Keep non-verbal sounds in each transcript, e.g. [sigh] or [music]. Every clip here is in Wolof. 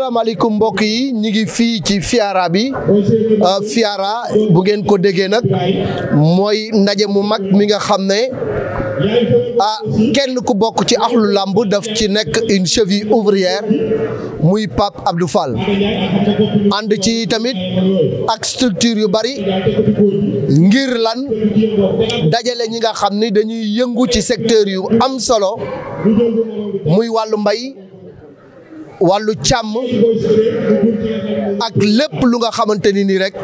asalaamaaleykum mbokk yi ñu ngi fii ci Fiara bi euh, Fiara bu ngeen ko déggee nag mooy ndaje mu mag mi nga xam ne ah kenn ku bokk ci axlu làmb daf ci nekk une cheville ouvrière muy Pape Abdou Fall ànd ci tamit ak structure yu bari ngir lan dajale ñi nga xam ni dañuy yëngu ci secteur yu am solo muy wàll mbay wàllu càmm ak lépp lu nga xamante ni nii rek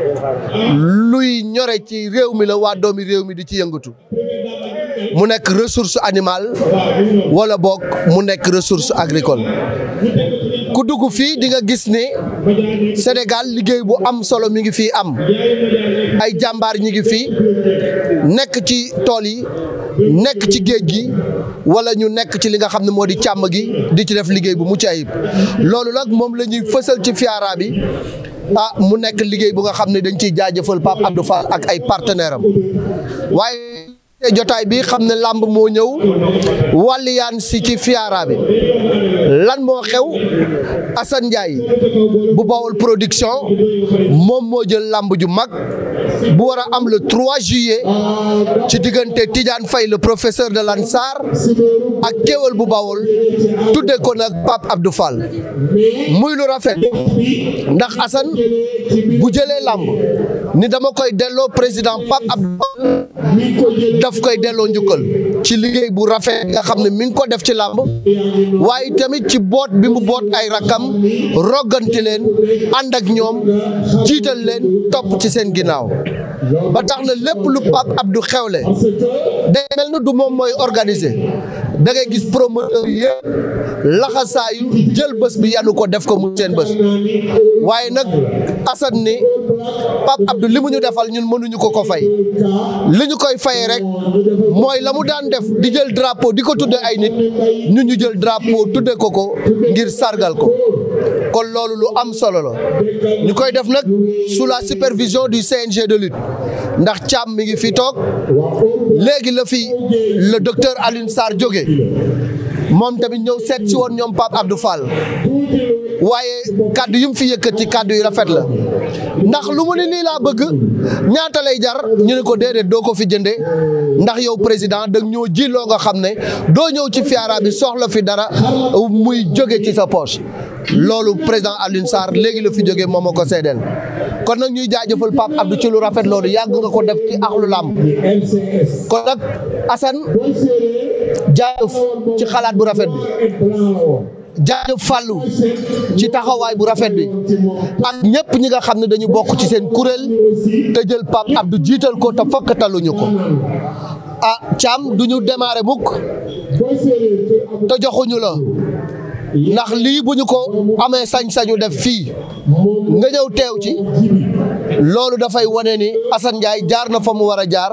luy ñore ci réew mi la waa doomi réew mi di ci yëngatu mu nekk ressource animale wala boog mu nekk ressource agricole ku dugg fii dinga gis ne Sénégal liggéey bu am solo mi ngi fii am ay jàmbaar ñi ngi fii nekk ci tool yi nekk ci géej gi wala ñu nekk ci li nga xam ne moo di càmm gi di ci def liggéey bu mucc ayib loolu nag moom la ñuy fësal ci fiara bi a ah, mu nekk liggéey bu nga xam ne dañ ciy jaajëfal Pape du fa ak ay partenaire am waaye jotaay bi xam ne làmb moo ñëw wàlliyaan si ci lan moo xew Assane bu Bawol production moom moo jël làmb ju mag bu war a am le 3 juillet ci diggante Tidiane Faye le professeur de l'Ansar ak kéwal bu Bawol tuddee ko nag Pape Abdou muy lu rafet ndax Assane bu jëlee làmb ni dama koy delloo président Pape Abdou daf koy delloo njukkal ci liggéey bu rafet nga xam ne mi ngi ko def ci làmb waaye tamit ci boot bi mu boot ay rakkam rogganti leen ànd ak ñoom jiital leen topp ci seen ginnaaw ba tax na lépp lu Pape Abdou xewle day mel na du moom mooy organiser da ngay gis promoteur yëpp laxasaayu jël bés bi yanu ko def ko mu seen bés waaye nag Assane ni Pape Abdou li mu ñu defal ñun mënuñu ko ko fay li ñu koy fayee rek mooy la mu daan def di jël drapo di ko tudde ay nit ñun ñu jël drapeau tudde ko ko ngir sargal ko kon loolu lu am solo la ñu koy def nag sous la supervision du CNG de lutte ndax Thiam mi ngi fi toog léegi la fi la docteur aline Sarr jóge moom tamit ñëw seet si woon ñoom Pape Abdou Fall waaye kàddu yu mu fi yëkkati kàddu yu rafet la ndax lu mu ne nii laa bëgg ñaata lay jar ñu ne ko déedéet doo ko fi jënde ndax yow président da ñëw ji nga xam ne doo ñëw ci fiara bi soxla fi dara muy jóge ci sa poche loolu président Alioune Sarr léegi la fi jógee moom a ko seedeel kon nag ñuy jaajëfal Pape Abdou ci lu rafet loolu yàgg nga ko def ci axlu làmp kon nag Assane jaajëf ci xalaat bu rafet bi jaajëf fàllu ci taxawaay bu rafet bi ak ñëpp ñi nga xam ne dañu bokk ci seen kuréel te jël Pape Abdou jiital ko te fokk ko ah cam duñu démarrer mukk te joxuñu la ndax lii bu ñu ko amee sañ-sañu def fii nga ñëw teew ci loolu dafay wane ni Assane jaar na fa mu war a jaar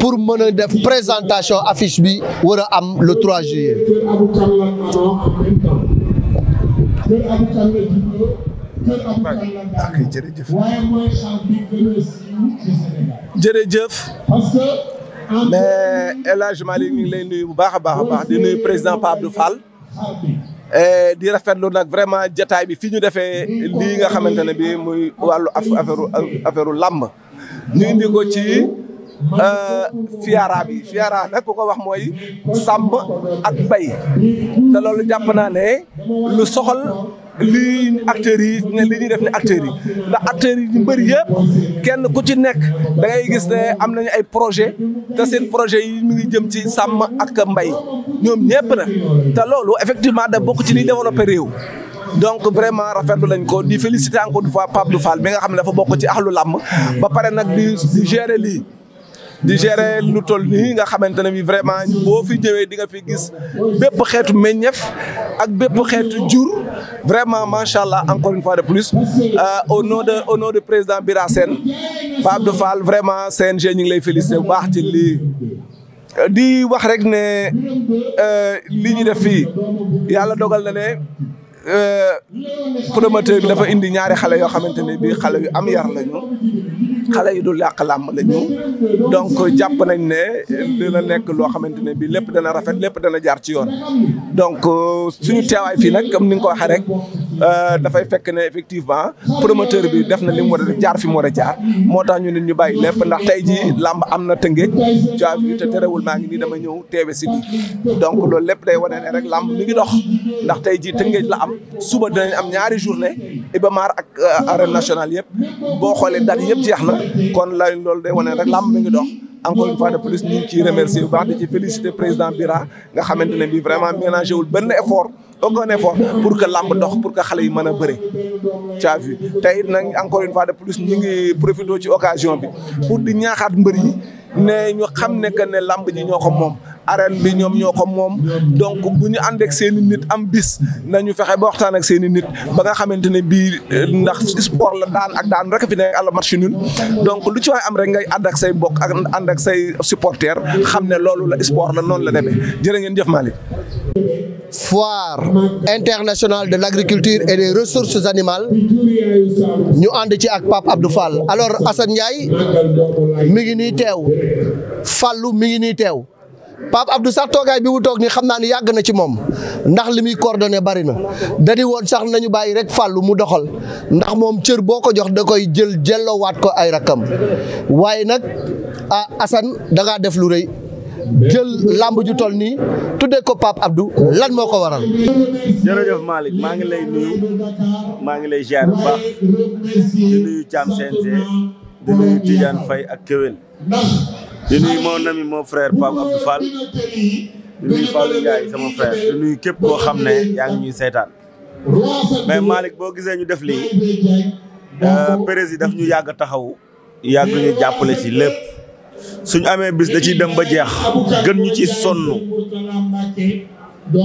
pour mën a def présentation affice bi war a am le 3 juillet. jërëjëf. mais El Hadj Malick ngi lay nuyu bu baax a baax a baax di nuyu président Pape Fall. Eh, di rafetlu nag vraiment jataay bi fi ñu defee lii nga xamante ne bi muy wàllu affaire affaire làmb ñu indi ci eh, fiara bi fiara nag ku ko wax mooy sàmb ak bay te loolu jàpp naa ne lu soxal lii acteurs yi ne li ñuy def ni acteur yi ndax acteurs yi ñu bëri yëpp kenn ku ci nekk da ngay gis ne am nañu ay projet te seen projet yi mi ngi jëm ci sàmm ak mbay ñoom ñëpp na te loolu effectivement da bokk ci li développé réew donc vraiment rafetlu lañ ko di féliciter encore une fois Pape Dou Fall bi nga xam ne dafa bokk ci axlu làmb ba pare nag di di gérer lii di gérer lu tol nii nga xamante ne bi vraiment boo fi ñëwee di nga fi gis bépp xeetu meññeef ak bépp xeetu jur vraiment macha allah encore une fois de plus euh, au nom de au nom de président Bira seen Pape Abdou Fall vraiment CNG ñu ngi lay féliciter bu baax ci lii. di wax rek ne euh, li ñu def fii yàlla dogal na ne euh, promoteur bi dafa indi ñaari xale yoo xamante ne bii xale yu am yar lañu xale yi du yàq làmb la ñu donc jàpp nañ ne dina nekk loo xamante ne bi lépp dana rafet lépp dana jaar ci yoon donc euh, suñu teewaay fii nag comme ni nga ko waxee rek euh, dafay fekk ne effectivement promoteur bi def na li mu war a jaar fi mu war a jaar moo tax ñu ne ñu bàyyi lépp ndax tey ji làmb am na tëngeej joa te terewul maa ngi dama ñëw teewe donc loolu lépp day wane ne rek làmb mi ngi dox ndax tey ji tëngeej la am suba dinañ am ñaari journée Iba Mar ak euh, arène national yëpp boo xoolee date yëpp jeex na kon lay loolu day wane rek làmb mi ngi dox encore une fois de plus ñu ngi ciy remercier di ci féliciter président Bira nga xamante ne bi vraiment mélangé wul benn effort aucun effort pour que lamb dox pour que xale yi mën a bëre tu as vu tey it nag encore une fois de plus ñu ngi profité ci occasion bi pour di ñaaxaat mbër yi ne ñu xam ne que ne làmb ñi ñoo moom arène bi ñoom ñoo ko moom donc bu ñu ànd ak seen nit am bis nañu fexe ba waxtaan ak seeni nit ba nga xamante ne bii eh, ndax sport la daan ak daan rek fi donc lu ci waay am rek ngay ànd ak say ak ànd ak say supporters xam ne loolu la sport la noonu la demee jërë ngeen jëf Malick foire internationale de l'agriculture et des ressources animales ñu ànd ci ak Pape alors Assane mi ngi nii teew Fallou mi ngi nii teew Pape Abdou sax toogaay bi mu toog nii xam naa ni yàgg na ci moom ndax li muy coordonné bari na dadi woon sax nañu bàyyi rek fàllu mu doxal ndax moom cër boo ko jox da koy jël jelloowaat ko ay rakkam waaye nag a ah, Assane da def lu rëy jël làmb ju toll nii tuddee ko Pape Abdou lan moo ko waral. jërëjëf maa ngi lay nuyu maa ngi lay ziar bu baax di nuyu Thiam CNG di nuyu di nuyu mon moo mon frère a Abdou Fall di nuyu Fallou Ndiaye sama frère di nuyu képp koo xam ne yaa ngi ñuy seetaan mais Malick boo gisee ñu def lii euh, président daf ñu yàgg taxaw yàgg ñu jàppale ci lépp suñu amee bis da ciy dem ba jeex gën ñu ci sonn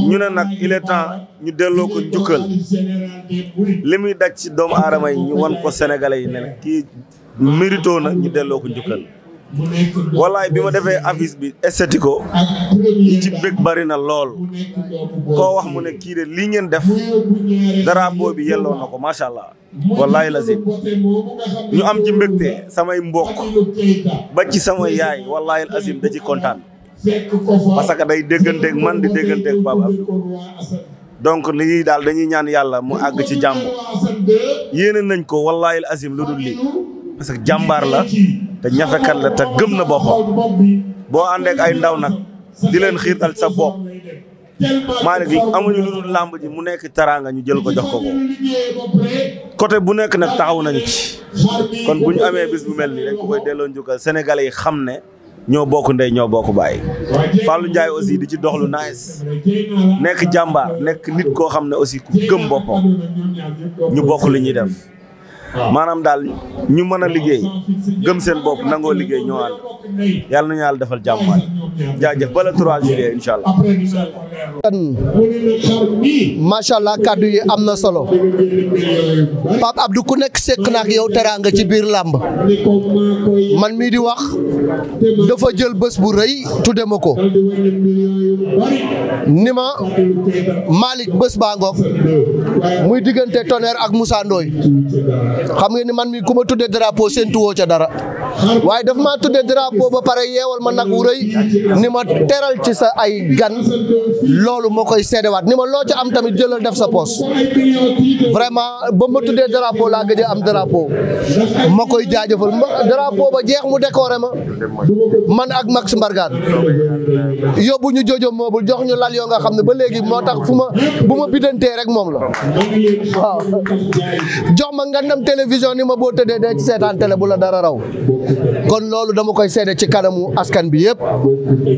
ñu ne nag il temps ñu delloo ko njukkal li muy daj ci doomu aadama yi ñu wan ko sénégalais yi ne kii mérito ñu delloo ko njukkal wallaay bi ma defee affiche bi esthétique ko ñi ci bëgg bari na lool koo wax mu ne kii de lii ngeen def drapeau bi yelloo na ko macha allah wallaay la si ñu am ci mbégte samay mbokk ba ci sama yaay wallaay al azim da ci kontaan parce que day dégganteeg man di dégganteeg Pape Abdou donc lii daal dañuy ñaan yàlla mu àgg ci jàmm yéene nañ ko wallaay al azim lu dul lii parce que jàmbaar la te ñafekat la te gëm na boppam boo àndeek ay ndaw nag di leen xiirtal sa bopp gi amuñu lu dul làmb ji mu nekk teraanga ñu jël ko jox ko ko côté bu nekk nag taxaw nañu kon bu ñu amee bis bu mel ni rek ko delloo njukkal sénégalais yi xam ne ñoo bokk ndey ñoo bokk bàyyi Fallou Ndiaye aussi di ci doxlu nice nekk jàmbaar nekk nit koo xam ne aussi ku gëm boppam ñu bokk li ñuy def maanaam daal ñu mën a liggéey gëm seen bopp nangoo liggéey ñoo ànd yàlla nañu yàlla defal jàmm waay jaajëf ba le allah. macha allah kàddu yi am na solo Pape Abdou ku nekk sekk na ak yow teraanga ci biir làmb man mii di wax dafa jël bës bu rëy tudde ma ko nima ma Malick baa ngoog muy diggante Tonnerre ak Moussa xam nga ni man mi ku ma tuddee drapeau séntu woo ca dara waaye daf maa tuddee drapeau ba pare yeewal ma nag wu rëy ni ma teral ci sa ay gan loolu moo koy seedewaat ni ma loo ca am tamit jëlal def sa poos vraiment ba ma tuddee drapeau laa gëj am drapeau ma koy jaajëfal drapeau ba jeex mu décoré ma man ak Max Mbargane yóbbu ñu jojo moobul jox ñu lal yoo nga xam ne ba léegi moo tax fu ma bu ma bidantee rek moom la jox ma ngandam télévision ni ma boo tëddee dee ci seetaan télé bu la dara raw kon loolu dama koy seede ci kanamu askan bi yëpp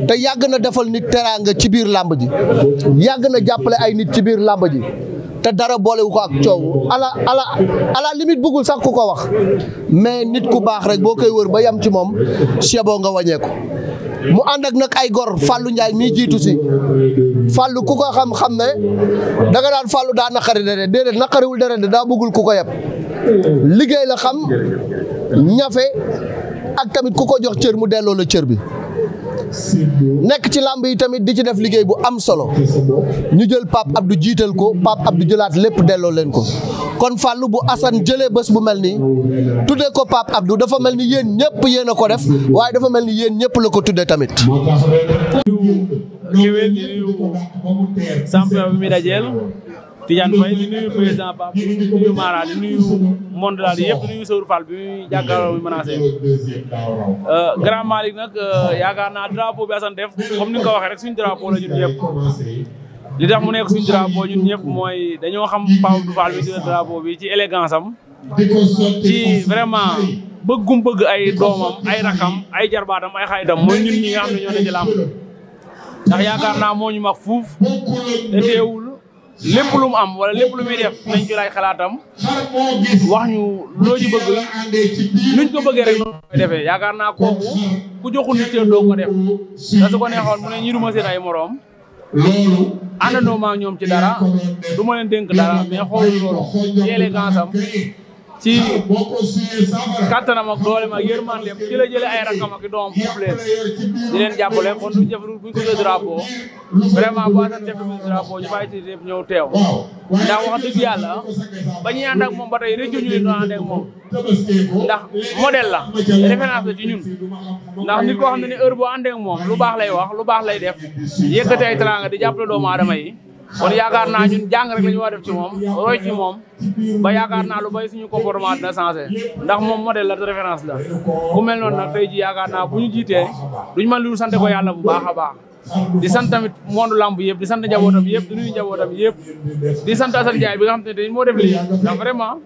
te yàgg na defal nit teraanga ci biir làmb ji yàgg na jàppale ay nit ci biir làmb ji te dara boolewu ko ak coow ala ala ala limite bëggul sax ku ko wax mais nit ku baax rek boo koy wër ba yam ci moom sebo nga wàññeeku mu ànd ak nag ay gor fàllu Ndiaye mii jiitu si Fallou ku ko xam-xam ne danga daan Fallou daa naqari deret déedéet naqariwul deret daa bëggul ku ko yeb liggéey la xam ñafe ak tamit ku ko jox cër mu delloo la cër bi nekk ci làmb yi tamit di ci def liggéey bu am solo ñu jël Pape Abdou jiital ko Pape Abdou jëlaat lépp delloo leen ko kon fàllu bu Assane jëlee bés bu mel nii tuddee ko Pape Abdou dafa mel ni yéen ñëpp yéen a ko def waaye dafa mel ni yéen ñëpp la ko tuddee tamit champion Tidiane Faye di nuyu président Pape nuyu Mara nuyu monde daal yëpp di nuyu Sow Fall bi muy jàkkaarloo bi menacé. Euh, grand Malick nag euh, yaakaar naa drapeau bi Assane def comme ni ko waxee rek suñu drapeau la ñun ñëpp. li tax mu nekk suñu drapeau ñun ñëpp mooy dañoo xam Pape Fall bi dina drapeau bi ci élégance am. ci vraiment bëggum bëgg ay doomam ay rakam ay jarbaatam ay xayitam mooy ñun ñi nga xam ne ñoo ne ci làmb ndax yaakaar naa moo ñu mag fuuf te lépp lu mu am wala lépp lu muy def nañ ci laaj xalaatam wax ñu loo ci bëgg nuñ ko bëggee rek noonu koy defee yaakaar naa kooku ku joxul nit cër doo ko def te su ko neexoon ne ñi duma seen ay moroom àndandoo maa ñoom ci dara du ma dénk dara mais xoolul loolu ci élégance am ci kattanam ak doolem ak yërmandeem ci la jëlee ay rakam ak doom buuf leen di leen jàppale kon duñ def buñ ko jël drapeau vraiment bu àndoon def nañ drapeau ñu bàyyi ci ñëw teew ndax wax dëgg yàlla ba ñuy ànd ak moom ba tey rëccu ñu li doon ànd moom ndax modèle la référence la ci ñun ndax nit koo xam ne ni heure boo ànd ak moom lu baax lay wax lu baax lay def yëkkati ay teraanga di jàppale doomu aadama yi kon yaakaar naa ñun jàng rek la ñu war def ci moom roy ci moom ba yaakaar naa lu bay suñu comportement dina changé ndax moom modèle la de référence la ku mel noonu na tey ji yaakaar naa bu ñu jiitee duñ ma lu sante ko yàlla bu baax a di sant tamit monde lamb yëpp di sant njabootam yëpp di nuyu njabootam yëpp di sant Assane Ndiaye bi nga xam te moo def lii ndax vraiment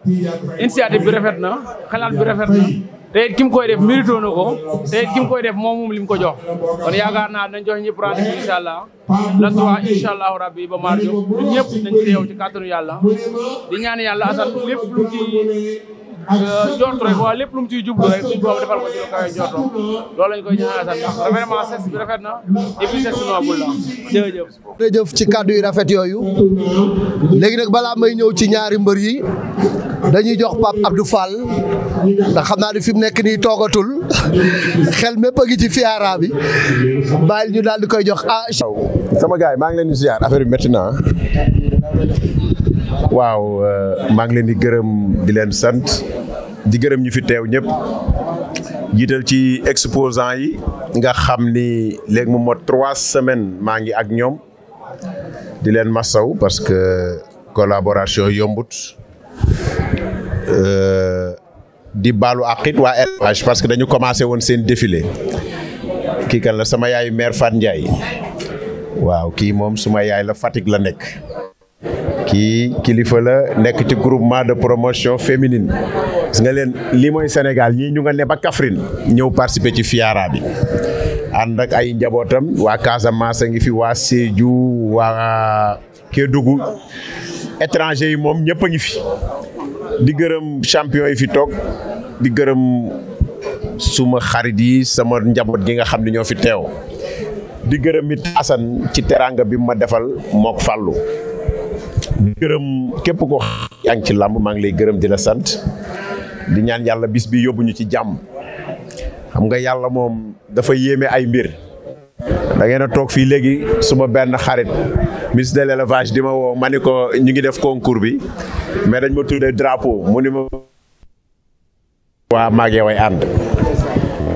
initiative bi rafet na xalaat bi rafet na te it koy def mérito ko te it koy def moom moom li mu ko jox kon yaakaar naa dañ jox ñëpp rendez-vous incha allah lan tuwaa incha rabbi ba maar jox ñun ñëpp dañ teew ci kàttanu yàlla di ñaan yàlla Assane lépp lu ci Euh, njort lépp lu mu ciy jublu rek suñu boobu defal ko ci lu kawe njortoom loolu lañ koy ñaanal sax ndax vraiment rafet na ci kàddu yu rafet yooyu léegi nag balaa may ñëw ci ñaari mbër yi dañuy jox Pape Abdou Fall ndax xam naa ne fi mu nekk nii toogatul xel mépp a ngi ci fiara bi bàyyil ñu daal di koy jox ah. sama gars yi maa ngi leen di ziar affaire bi na ah. waaw euh, maa ngi leen di gërëm di leen sant di gërëm ñu fi teew ñëpp jiital ci exposant yi nga xam ni léegi mu mot trois semaines maa ngi ak ñoom di leen masaw parce que collaboration yombut euh, di baalu àqit waa élevage parce que dañu commencé woon seen défilé kii kan la sama yaayu mère Fat Ndiaye waaw kii moom suma yaay la Fatick la nekk kii kilifa la nekk ci groupement de promotion féminine gis nga leen lii mooy Sénégal ñii ñu nga ne ba Kaffrine ñëw participer ci FIARA bi ànd ak ay njabootam waa Casamance a ngi fi waa Sédhiou waa Kédougou étranger yi moom ñëpp a ngi fi di gërëm champion yi fi toog di gërëm suma xarit yi sama njaboot gi nga xam ne ñoo fi teew di gërëm it Assane ci teraanga bi ma defal mook fàllu gërëm képp ko yaa ngi ci làmb maa ngi lay gërëm di la sant di ñaan yàlla bis bi yóbbu ñu ci jàmm xam nga yàlla moom dafa yéeme ay mbir da ngeen a toog fii léegi suma benn xarit ministre de l'élevage di ma woo ma ni ko ñu ngi def concours bi mais dañ ma tuddee drapeau mu ni ma waa maag yow ay ànd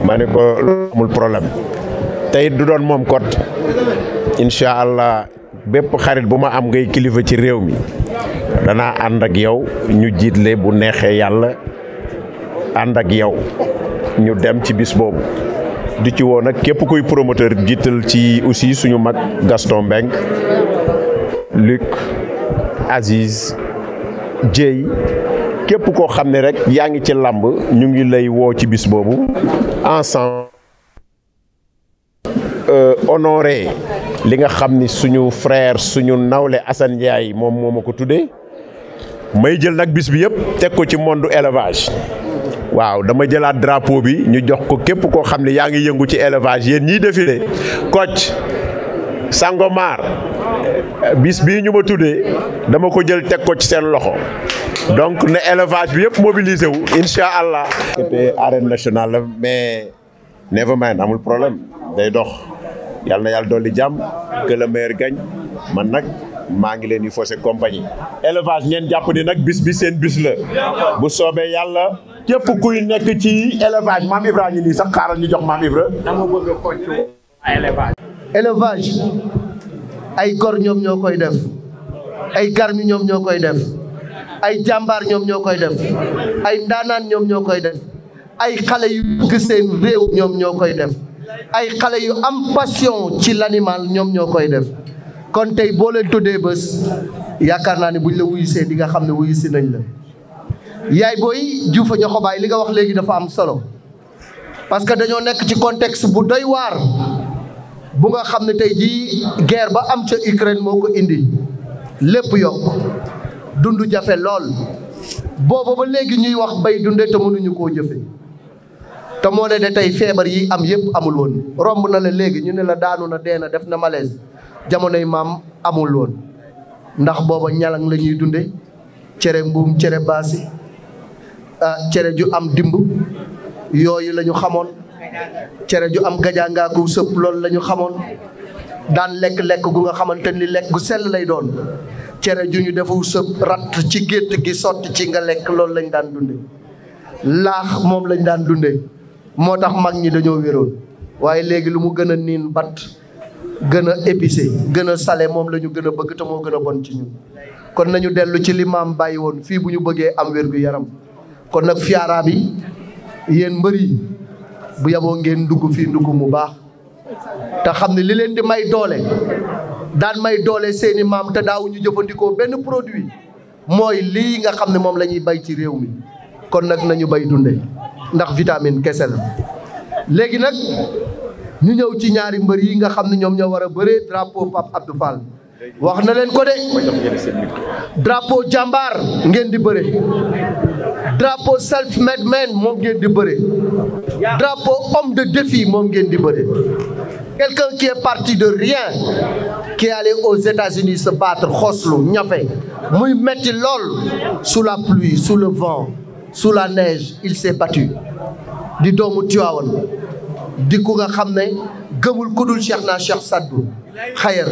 ma ni ko amul problème tey du doon moom kot incha allah bépp xarit bu ma am ngay kilifa ci réew mi danaa ànd ak yow ñu jiitle bu neexee yàlla ànd ak yow ñu dem ci bis boobu di ci woo nag képp kuy promoteur jiital ci aussi suñu mag Gaston Mbengue Luc Aziz Dieye képp koo xam ne rek yaa ngi ci làmb ñu ngi lay woo ci bis boobu ensemble euh, honoré li nga xam ni suñu frère suñu nawle Assane Ndiaye moom moo ma ko tuddee may jël nag bis bi yëpp teg ko ci monde élevage waaw dama jëlaat drapeau bi ñu jox ko képp koo xam ne yaa ngi yëngu ci élevage yéen ñiy défilé Kocc Sangomar bis bi ñu ma tuddee dama ko jël teg ko ci seen loxo donc ne élevage bi yëpp mobilisé wu incha allah. c'était arène nationale mais never amul problème day dox. yàlla na yàlla dolli jàmm que le man nag maa ngi leen di faussé compagnie élevage ngeen jàpp ni nag bis bi seen bis la bu soobee yàlla képp kuy nekk ci élevage maam Ibra ñu nii sax xaaral ñu jox maam Ibra dama élevage ay gor ñoom ñoo koy def ay garmi ñoom ñoo koy dem ay jàmbaar ñoom ñoo koy def ay ndaanaan ñoom ñoo koy def ay xale yu bëgg réew ñoom ñoo koy dem ay xale yu am passion ci l'animal ñoom ñoo koy def kon tey boo leen tuddee bés yaakaar naa ne buñ la wuyusee di nga xam ne wuyusi nañ la yaay booy juufa ñoxobaay li nga wax léegi dafa am solo parce que dañoo nekk ci contexte bu doy waar bu nga xam ne tey jii guerre ba am ca Ukraine moo ko indi lépp yokk dund jafe lool booba ba léegi ñuy wax bay dundee te mënuñu koo jëfe te moo ne de tey feebar yi am yëpp amul woon romb na la léegi ñu ne la daanu na dee na def na malaise jamonoy maam amul woon ndax booba ñalang la ñuy dunde cere mbuum cere baasi ah, cere ju am dimb yooyu lañu xamoon cere ju am gajaangaaku sëpp loolu lañu xamoon daan lekk-lekk gu nga xamante ni lekk gu sell lay doon cere ju ñu defu sëpp ratt ci gétt gi sott ci nga lekk loolu lañ daan dunde laax moom lañ daan dundee moo tax mag ñi dañoo wéroon waaye léegi lu mu gën a niin bat gën a épicé gën a sale moom la ñu gën a bëgg te moo gën a bon ci ñun kon nañu dellu ci li maam bàyyi woon fii bu ñu bëggee am wér gu yaram kon nag fiara bi yéen mbër bu yaboo ngeen dugg fi ndugg mu baax te xam ne li leen di may doole daan may doole seeni maam te daawuñu jëfandikoo benn produit mooy lii nga xam ne moom la ñuy bay ci réew mi kon nag nañu bay dunde ndax vitamine kese la léegi nag ñu ñëw ci ñaari mbër yi nga xam ne ñoom ñoo war a bëree drapeau Pape Abdou wax na leen ko de drapeau jàmbaar ngeen di bëre drapeau self made man moom ngeen di bëre drapeau homme de défi moom ngeen di bëre quelqu'un qui est parti de rien qui est allé aux États-Unis se battre xoslu ñafe muy metti lool sous la pluie sous le vent sous la neige il s'est battu di doomu Tiwaawan di ku nga xam ne gëmul ku dul Cheikh naa Cheikh Saddu xayar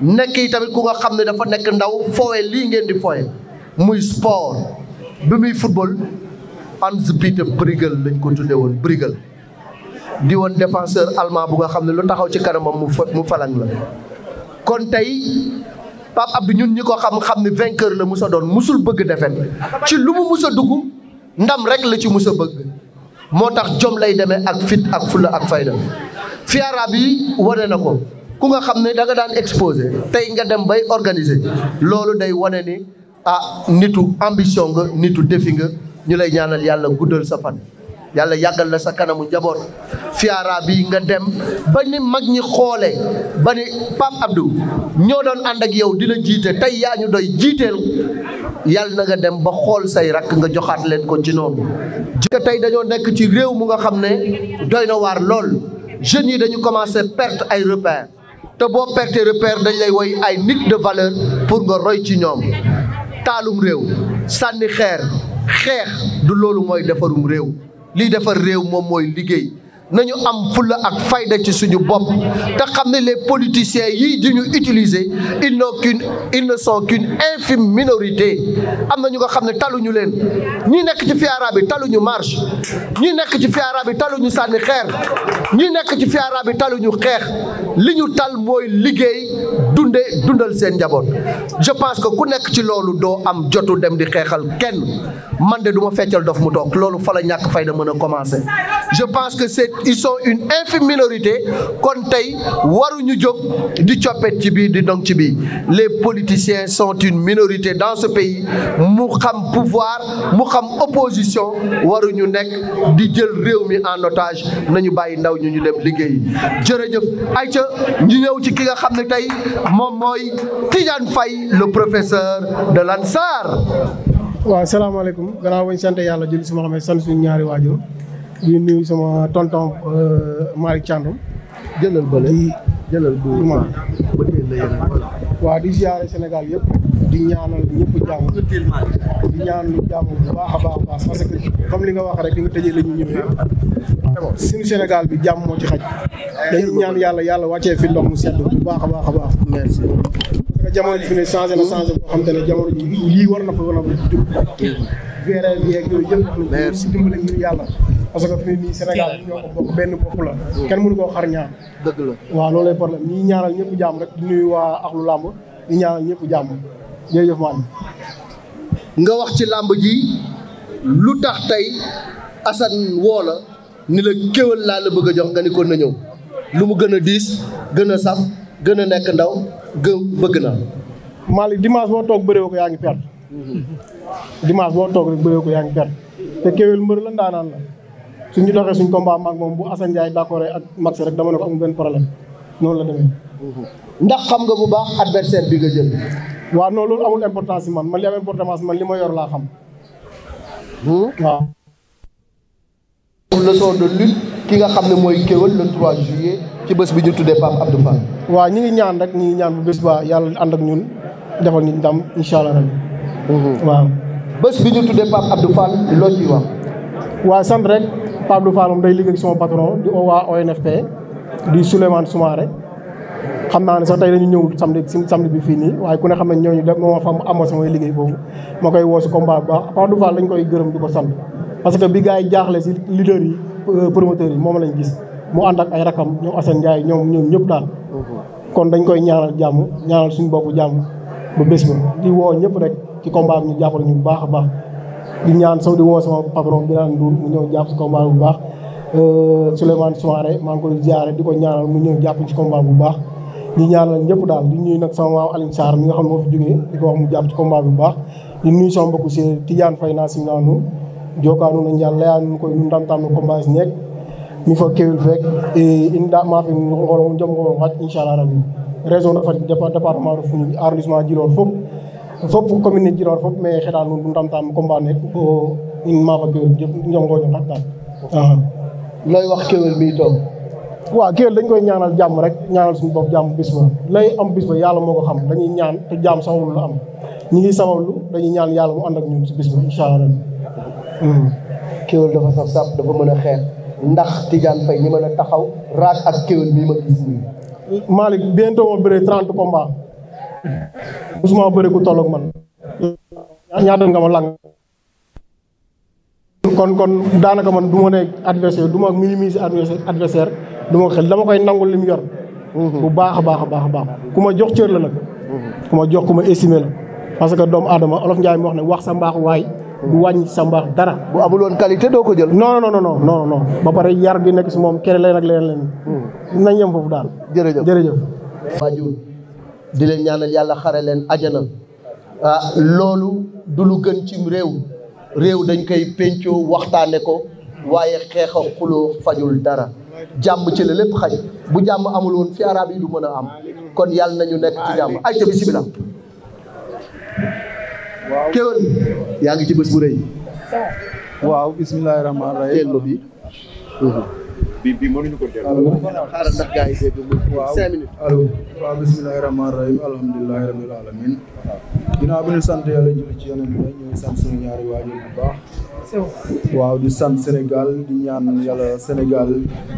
nekk yi tamit ku nga xam ne dafa nekk ndaw foowe lii ngeen di foowe muy sport bi muy football Hans Peter Briegel lañ ko tuddee woon Briegel di woon défenseur allemand bu nga xam ne lu taxaw ci kanamam mu mu la kon tey Pape Abdou ñun ñi ko xam xam ne vainqueur la musa doon musul bëgg defet ci lu mu musa dugg ndam rek la ci musa bëgg moo tax jom lay demee ak fit ak fulla ak fayda fiara bi wane na ko ku nga xam ne da nga daan exposé tey nga dem bay organiser loolu day wane ni ah nitu ambition nga nitu defi nga ñu lay ñaanal yàlla guddal sa fan yàlla yàggal na sa kanamu njaboot fiara bi nga dem ba ni mag ñi xoole ba ni Pape Abdou ñoo doon ànd ak yow di jiite tey yaa ñu doy jiiteel yàlla na nga dem ba xool say rakk nga joxaat leen ko ci noonu jikko tey dañoo nekk ci réew mu nga xam ne doy na waar lool jeunes yi dañu commencé perte ay repères te boo perte repère dañ lay woy ay nit de valeur pour nga roy ci ñoom taalum réew sànni xeer xeex du loolu mooy defarum réew liy defar réew moom mooy liggéey ñu am fulla ak fayda ci suñu bopp te xam ne les politiciens yii di ñu utiliser ils n'ont qu'une ils ne sont qu'une minorité am na ñu nga xam ne taluñu leen ñi nekk ci fiara bi ñu marche ñi nekk ci fiara bi ñu sànni xeer ñi nekk ci fiara bi taluñu xeex li ñu tal mooy liggéey dunde dundal seen njaboot je pense que ku nekk ci loolu doo am jotu dem di xeexal kenn man de duma feccal dof mu toog loolu fa la ñàkk fayda mën a commencer ils sont une infime minorité kon tey waruñu jóg di coppet ci biir di donc ci bii les politiciens sont une minorité dans ce pays mu xam pouvoir mu xam opposition waruñu nekk di jël réew mi en otage nañu bàyyi ndaw ñu ñu dem liggéey jërëjëf ayca ñu ñëw ci ki nga xam ne tey moom mooy Tidiane Faye le professeur de l'Ansar waaw salaamaaleykum gannaaw bañ sant yàlla jël suma ma xam ne sant ñaari waajur di nuyu sama tonton euh, Malick Thiandoum. jëlal bële di jëlal bu ma ba teel la waa di ziare Sénégal yëpp di ñaanal yëpp jàmm di ñaanal jàmm bu baax a baax baax parce que comme li nga wax rek li nga tëjee la ñu ñëwee. suñu Sénégal bi jàmm moo ci xaj. dañu ñaan yàlla yàlla wàccee fi ndox mu sedd bu baax a baax a baax. merci. parce que jamono ji fi ne changé na changé boo xam te ne jamono ji lii war na fa war na fa jub. VRL yeeg yooyu yëpp. merci dimbale ngir yàlla. parce que fii mii Sénégal ñoo bokk benn bopp la kenn mënu koo xar ñaar dëgg loolu lay problème ñi ñaanal ñëpp jàmm rek di waa axlu làmb ñi ñaanal ñëpp jàmm jërëjëf maa nga wax ci làmb ji lu tax tey Assane woo la ni la kéwél laa la bëgg a jox nga ni kon na ñëw lu mu gën a diis gën a saf gën a nekk ndaw gën bëgg na Malick dimanche boo toog bëree ko yaa ngi perte mhm. dimanche boo toog rek bëree ko yaa ngi perte te kéwél mbër la ndaanaan la suñu doxee suñ combat maag moom bu Assane Ndiaye d'accord ak Max rek dama ne ko amul benn problème noonu la demee. ndax xam nga bu baax adversaire bi nga jël. waaw non loolu amul importance si man man li am importance man li ma yor laa xam. Hmm? waaw. leçon de lutte ki nga xam ne mooy kéwal le 3 juillet ci bés bi ñu tuddee Pape Abdou Fall. waaw ñi ngi ñaan rek ñi ngi ñaan bu bés ba yàlla ànd ak ñun defal ñu ndam incha allah rabbi. Hmm. waaw bés bi ñu tuddee Pape Abdou Fall loo ciy wax. waaw sant rek. Pape faa moom day liggéey ak sama patron di waa ONFP di Souleymane Soumaré xam naa ne sax tey dañu ñëwul samedi samedi bi fii nii waaye ku ne xam ne ñooñu de moo fa amoon samay liggéey boobu koy woo si dañ koy gërëm di ko parce que bi gars yi jaaxle si leader yi euh, promoteurs yi moom lañ gis mu ànd ak ay rakam ñoom Assane Ndiaye ñoom ñoom ñëpp daal kon dañ koy ñaanal jàmm ñaanal suñu bopp jàmm ba bés ba di woo ñëpp rek ci combat bi ñu ñu bu baax a baax di ñaan sax woo sama patron bi naan Ndour mu ñëw jàpp si combat bu baax euh, Souleymane Souare maa ngi koy ziare di ko ñaanal mu ñëw jàpp ci bu baax. di ñaanal ñëpp daal di nuyu nag sama maam Alioune mi nga xam moo fi jógee di ko wax mu jàpp ci bu baax di nuyu sama mbokku si Tidiane Faye naa si naanu jokkaanu nañu yàlla layaan ñu koy nu ndam tàmm combat si nekk. mi fa kéwil fekk inda maa fi mu ngorom jëm ngorom wàcc incha allah rabi région de Fatick département de Foundiougne arrondissement Djilor foofu. fof commune e Djilor fof mais heɗa noon ɗum tamtama combane ko in mafa kewel jongojo hatta looy wax kewel mbi toog waaw kewel dañ koy ñaanal jàmm rek ñaanal suñu bopp jàmm bis ba lay am bis yàlla moo ko xam dañuy ñaan te jàmm sabablu la am ñi ngi sabablu dañuy ñaan yàlla mu ànd ak ñun si bis ba incha allah hmm. dafa saf saf dafa mën a xeex ndax Tidiane Faye ñi mën a taxaw raak ak kewel mii ma gis nii Malick bientôt ma bëre 30 combats musuma bëri ku tolloog man ñaata nga ma lan kon kon daanaka man du ma ne duma ak ma minimiser adversaire du ma xel dama koy nangu li mu yor mhm. bu baax a baax a baax baax ku ma jox cër la nag mhm. ku ma jox ku ma estimé la parce que doomu aadama olof Njaay mi wax ne wax sa mbaax waay du mhm. sa mbaax dara bu amuloon qualité doo ko jël non non non non ba pare yar bi nekk si moom kere leen ak leen leen nañ yem foofu daal jërëjëf jërëjëf di leen ñaanal yàlla xare leen ajana ah loolu du lu gën cim réew réew dañ koy pencoo waxtaane ko waaye xeex a xuloo fajul dara jàmm ci la lépp xaj bu jàmm amuloon woon fi arab yi du mën a am kon yàlla nañu nekk ci jàmm ay ta bismillah yaa ngi ci bés bu rëy waaw bismillahi bi bi mënuñu ko dellu. xaaral ndax gars yi dégg waaw bismillahi rahmaani rahim alhamdulilahi rabbil alamin ginnaaw bi ñu sant yàlla julli ci yeneen bi ñooy sant suñu ñaari waajur bu baax. waaw di sant Sénégal di ñaan yàlla Sénégal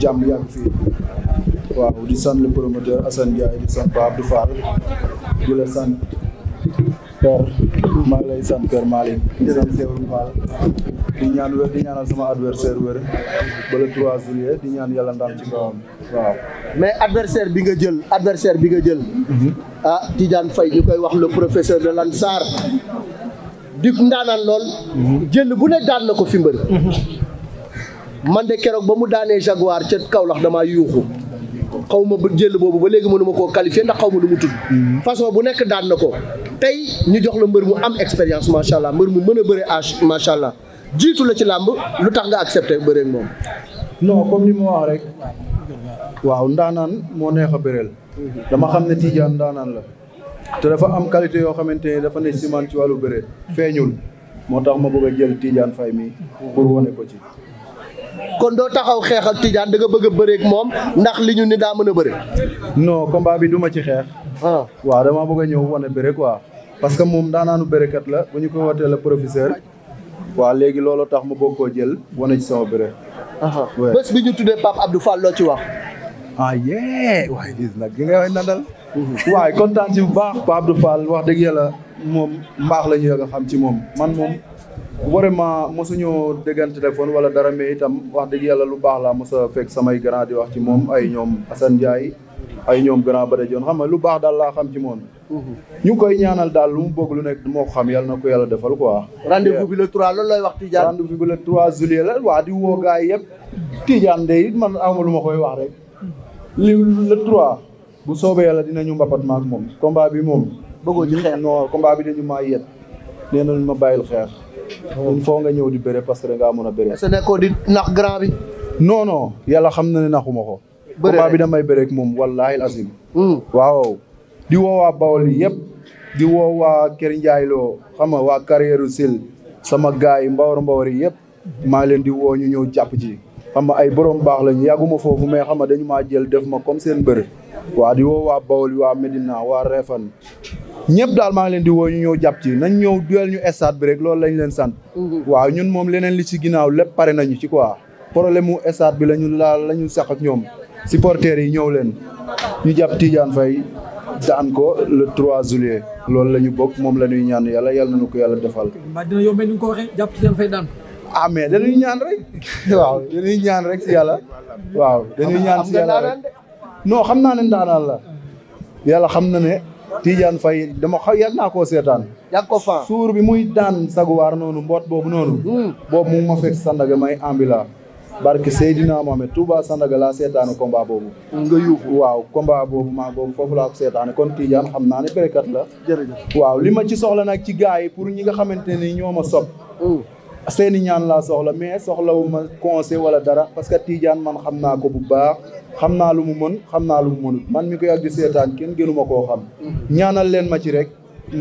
jàmm yàgg fii. waaw di sant le promoteur Assane Ndiaye di sant Pape Abdou Fall di la sant père. maa ngi lay sant Kër Malick di sant Sewul Fall di ñaan wér di ñaanal sama adversaire wér ba le 3 juillet di ñaan yàlla ndam ci kawam mais adversaire bi nga jël adversaire bi nga jël. Mhm. ah Tidiane Faye ñu koy wax le professeur de Lansar di ndaanaan lool. Mhm. jël bu ne daan na ko fi mhm. man de keroog ba mu daanee Jaguar ca Kaolack damaa yuuxu. xawma ma ba jël boobu ba léegi mënuma koo qualifier ndax xaw ma lu mu tudd. Mhm. façon bu nekk daan na ko tey ñu jox la mbër mu am expérience macha allah mbër mu mën a bëre âge macha allah jiitu la ci làmb lu tax nga accepté bëre ak moom. non comme ni mu wax rek. waaw ndaanaan moo neex a bëreel. Mhm. dama xam ne Tidiane ndaanaan la. te dafa am qualité yoo xamante ne dafa ne siman ci wàllu bëre feeñul moo tax ma bëgg a jël Tidiane fay mii pour wone ko ci. kon doo taxaw xeexal tiijaan da nga bëgg a bëreeg moom ndax li ñu ni daa mën a bëre. non combat bi du ma ci xeex. ah waaw damaa bëgg a ñëw wane bëre quoi. parce que moom daanaanu bërekat la bu ñu koy wootee la professeur. waaw léegi looloo tax ma bëgg koo jël wane ci sama bëre. Ah, ah. bés bi ñu tuddee Pape Abdou Fall loo ci wax. ah yee waaye gis nag ki nga wax nandal mhm. waaye kontaan ci baax Pape Abdou Fall wax dëgg yàlla moom mbaax la ñu a xam ci moom man moom. vraiment mosuñoo déggante téléphone wala dara mais itam wax dëgg yàlla lu baax laa mosa a fekk samay grand di wax ci moom ay ñoom Assane Ndiaye ay ñoom grand Badajon xam na lu baax daal laa xam ci moom. ñu koy ñaanal daal lu mu bëgg lu nekk moo xam yàlla na ko yàlla defal quoi. rendez-vous le 3 loolu lay wax Tidiane. rendez-vous bi le la waa di woo gars yi yëpp. Tidiane de it man awma lu ma koy wax rek. li le 3. bu soobee yàlla dina ñu ma ak moom combat bi moom. bëggoo ci xeex non bi dañu maa yet nee nañu ma bàyyil xeex. il faut nga ñëw di bëre parce que da ngaa mën a bëre. est-ce que yàlla xam na ne naxuma ko. bëre combat bi damay bëre moom wallaahi azim. Hmm. waaw di woo waa Bawol yëpp. di woo waa Kër Ndiaye loo xam nga waa carrière sil sama gars yi mbawar mbawar yi yëpp. maa leen di woo ñu ñëw jàpp ji xam nga ay borom baax lañu yàgguma foofu mais xam nga dañu maa jël def ma comme seen bër. waa di woo waa waa Medina waa Refane ñëpp daal maa leen di woo ñu ñëw jàpp ci nañ ñëw duel ñu stade bi rek loolu lañ leen sant. Mhm. waaw ñun moom leneen li si ginnaaw lépp pare nañu ci quoi problème mu stade bi la ñu laal lañu ñu sax ak ñoom supporters yi ñëw leen ñu jàpp Tidiane Faye daan ko le trois juillet loolu la ñu bokk moom la ñuy ñaan yàlla yàlla nañu ko yàlla defal. mbaa dina yombé ni nga jàpp Tidiane Faye daan ah, ñaan rek [laughs] waaw dañuy ñaan rek si yàlla waaw dañuy ñaan si yàlla rek xam naa ne ndaanaan la yàlla xam na ne Tidiane Faye dama xaw yàgg naa koo seetaan. suur bi muy daan saguwaar noonu mboot boobu noonu. Hmm. boobu mu ma fekk Sandaga may ambila barke Seydina Mohamed Touba Sandaga laa seetaanu combat boobu. Hmm, nga yuufu waaw combat boobu maa boobu foofu laa ko seetaane kon Tidiane xam naa ne béykat la. jërëjëf waaw li ma ci soxla nag ci gars yi pour ñi nga xamante ne ñoo ma sob hmm. seeni ñaan laa soxla mais soxlawu ma conseil wala dara parce que Tidiane man xam naa ko bu baax. xam naa lu mu mën xam naa lu mu mënut man mi ko yàgg di seetaan kenn gënu ma koo xam. ñaanal leen ma ci rek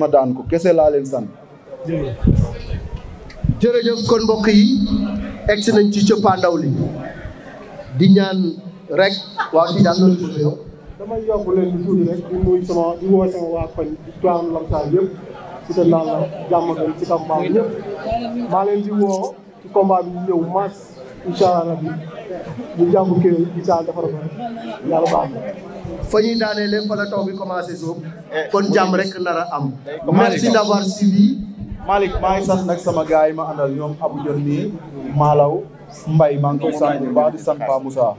ma daan ko kese laa leen sant. kon mbokk yi egg si nañ ci cëppaandaw li di ñaan rek waaw ci daan loolu yow damay yokk leen di tuuti rek di la jàmm gën ci kam ci combat bi ñëw mars incha allah rabbi bu jàmbu kii incha allah a rafet yàlla baax fa ñuy daaneele fa la taw bi commencé sóob eh, kon jàmm rek nar am eh, merci d'avoir suivi Malick maa ngi sant nag sama gars yi ma àndal ñoom Abou Dior nii Malaw Mbay maa ngi koy sant bu baax di sant Pa Moussa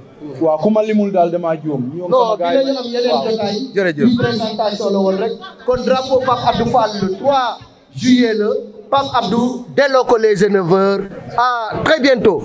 waaw ku ma limul daal damaa juum ñoom sama gars yi non dinañu am yeneen jotaay jërëjëf présentation la woon rek kon drapeau Pape Abdou Fall le juillet la Pape Abdou delloo ko les éleveurs à très bientôt